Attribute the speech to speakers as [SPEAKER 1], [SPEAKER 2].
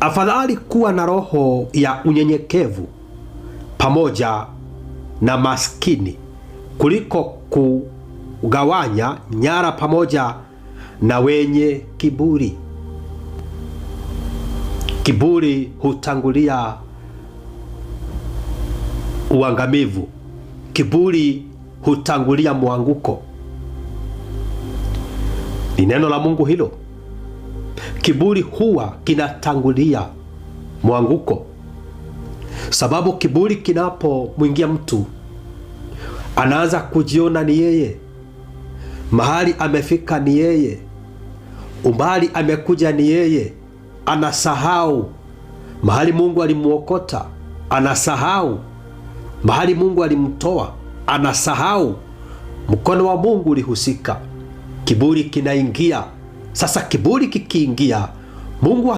[SPEAKER 1] Afadhali kuwa na roho ya unyenyekevu pamoja na maskini kuliko kugawanya nyara pamoja na wenye kiburi. Kiburi hutangulia uangamivu. Kiburi hutangulia mwanguko. Ni neno la Mungu hilo. Kiburi huwa kinatangulia mwanguko, sababu kiburi kinapomwingia mtu anaanza kujiona ni yeye, mahali amefika ni yeye, umbali amekuja ni yeye. Anasahau mahali Mungu alimwokota, anasahau mahali Mungu alimtoa, anasahau mkono wa Mungu ulihusika. Kiburi kinaingia sasa kiburi kikiingia, Mungu